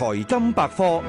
財金百科。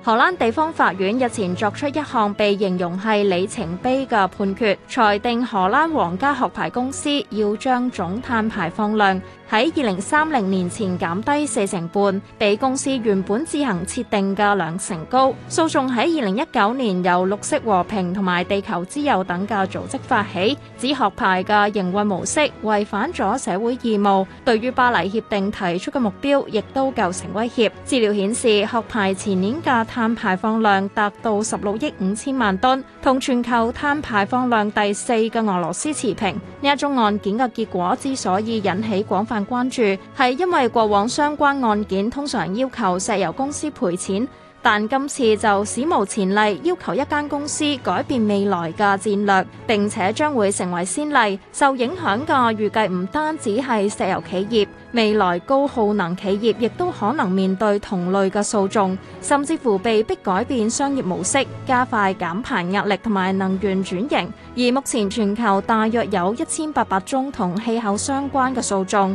荷蘭地方法院日前作出一項被形容係里程碑嘅判決，裁定荷蘭皇家殼牌公司要將總碳排放量，喺二零三零年前減低四成半，比公司原本自行設定嘅兩成高。訴訟喺二零一九年由綠色和平同埋地球之友等嘅組織發起，指殼牌嘅營運模式違反咗社會義務，對於巴黎協定提出嘅目標亦都構成威脅。資料顯示，殼牌前年嘅碳排放量達到十六億五千萬噸，同全球碳排放量第四嘅俄羅斯持平。呢一宗案件嘅結果之所以引起廣泛，關注係因為過往相關案件通常要求石油公司賠錢，但今次就史無前例要求一間公司改變未來嘅戰略，並且將會成為先例。受影響嘅預計唔單止係石油企業，未來高耗能企業亦都可能面對同類嘅訴訟，甚至乎被迫改變商業模式，加快減排壓力同埋能源轉型。而目前全球大約有一千八百宗同氣候相關嘅訴訟。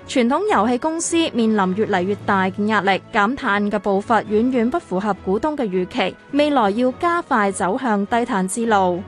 傳統油氣公司面臨越嚟越大嘅壓力，減碳嘅步伐遠遠不符合股東嘅預期，未來要加快走向低碳之路。